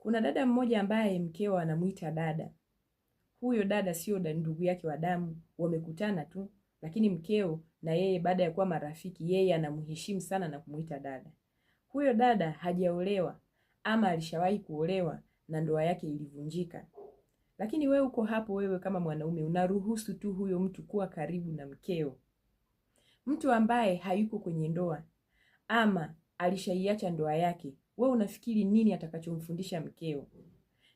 Kuna dada mmoja ambaye mkeo anamwita dada. Huyo dada sio ndugu yake wa damu, wamekutana tu, lakini mkeo na yeye baada ya kuwa marafiki, yeye anamheshimu sana na kumwita dada. Huyo dada hajaolewa ama alishawahi kuolewa na ndoa yake ilivunjika. Lakini wewe uko hapo, wewe kama mwanaume unaruhusu tu huyo mtu kuwa karibu na mkeo, mtu ambaye hayuko kwenye ndoa ama alishaiacha ndoa yake we unafikiri nini atakachomfundisha mkeo?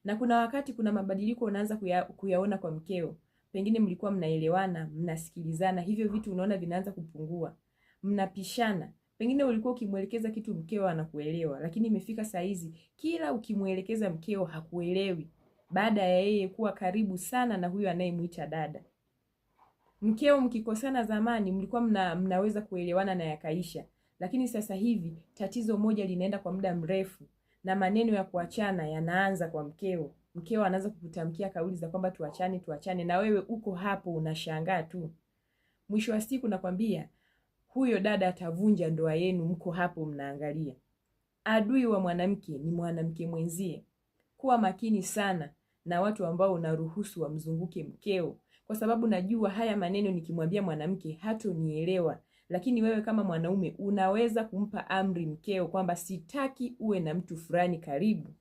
Na kuna wakati kuna mabadiliko unaanza kuya, kuyaona kwa mkeo. Pengine mlikuwa mnaelewana, mnasikilizana, hivyo vitu unaona vinaanza kupungua, mnapishana. Pengine ulikuwa ukimwelekeza kitu mkeo anakuelewa, lakini imefika saa hizi kila ukimwelekeza mkeo hakuelewi, baada ya yeye kuwa karibu sana na huyo anayemwita dada. Mkeo mkikosana, zamani mlikuwa mna, mnaweza kuelewana na yakaisha, lakini sasa hivi tatizo moja linaenda kwa muda mrefu, na maneno ya kuachana yanaanza kwa mkeo. Mkeo anaanza kukutamkia kauli za kwamba tuachane, tuachane, na wewe uko hapo unashangaa tu. Mwisho wa siku nakwambia, huyo dada atavunja ndoa yenu, mko hapo mnaangalia. Adui wa mwanamke ni mwanamke mwenzie. Kuwa makini sana na watu ambao unaruhusu wamzunguke mkeo, kwa sababu najua haya maneno nikimwambia mwanamke hatonielewa, lakini wewe kama mwanaume unaweza kumpa amri mkeo kwamba sitaki uwe na mtu fulani karibu